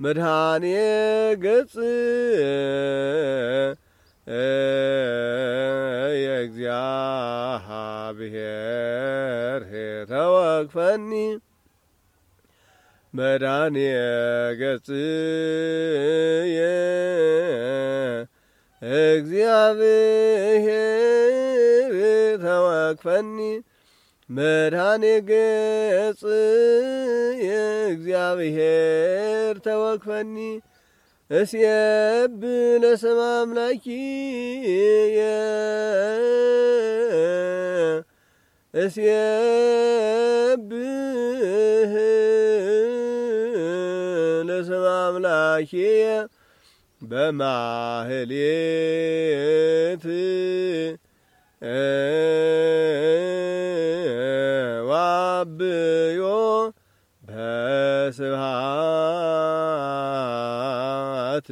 መድኃኔ ገጽ የእግዚአብሔር ተወክፈኒ መድኃኔ ገጽ እግዚአብሔር ተወክፈኒ መድኃኔ ገጽ የእግዚአብሔር ተወክፈኒ እስየብ ለስመ አምላኪ እስየብ ለስመ አምላኪ በማህሌት አብዮ በስብሃት